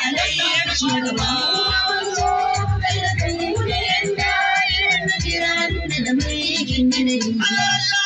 Allah